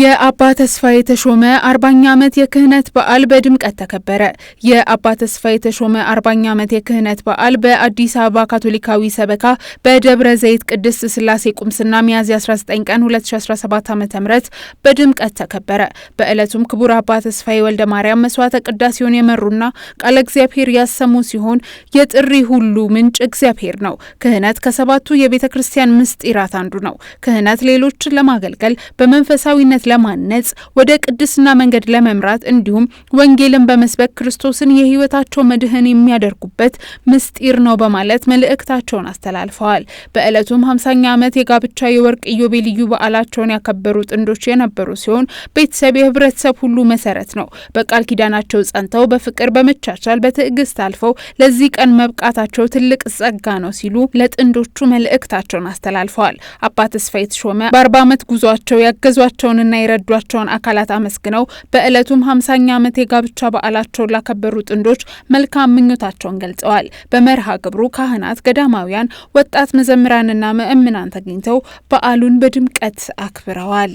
የአባ ተስፋዬ ተሾመ አርባኛ ዓመት የክህነት በዓል በድምቀት ተከበረ። የአባ ተስፋዬ ተሾመ አርባኛ ዓመት የክህነት በዓል በአዲስ አበባ ካቶሊካዊ ሰበካ በደብረ ዘይት ቅድስት ስላሴ ቁምስና ሚያዝያ 19 ቀን 2017 ዓ ም በድምቀት ተከበረ። በዕለቱም ክቡር አባ ተስፋዬ ወልደ ማርያም መስዋዕተ ቅዳሴውን የመሩና ቃለ እግዚአብሔር ያሰሙ ሲሆን የጥሪ ሁሉ ምንጭ እግዚአብሔር ነው፣ ክህነት ከሰባቱ የቤተ ክርስቲያን ምስጢራት አንዱ ነው፣ ክህነት ሌሎችን ለማገልገል በመንፈሳዊነት ግንኙነት ለማነጽ ወደ ቅድስና መንገድ ለመምራት እንዲሁም ወንጌልን በመስበክ ክርስቶስን የሕይወታቸው መድህን የሚያደርጉበት ምስጢር ነው በማለት መልእክታቸውን አስተላልፈዋል። በዕለቱም ሀምሳኛ ዓመት የጋብቻ የወርቅ ኢዮቤልዩ በዓላቸውን ያከበሩ ጥንዶች የነበሩ ሲሆን ቤተሰብ የህብረተሰብ ሁሉ መሰረት ነው። በቃል ኪዳናቸው ጸንተው በፍቅር በመቻቻል በትዕግስት አልፈው ለዚህ ቀን መብቃታቸው ትልቅ ጸጋ ነው ሲሉ ለጥንዶቹ መልእክታቸውን አስተላልፈዋል። አባ ተስፋ የተሾመ በአርባ ዓመት ጉዟቸው ያገዟቸውንና ድጋፍና የረዷቸውን አካላት አመስግነው በዕለቱም ሀምሳኛ ዓመት የጋብቻ በዓላቸውን ላከበሩ ጥንዶች መልካም ምኞታቸውን ገልጸዋል። በመርሃ ግብሩ ካህናት፣ ገዳማውያን፣ ወጣት መዘምራንና ምእምናን ተገኝተው በዓሉን በድምቀት አክብረዋል።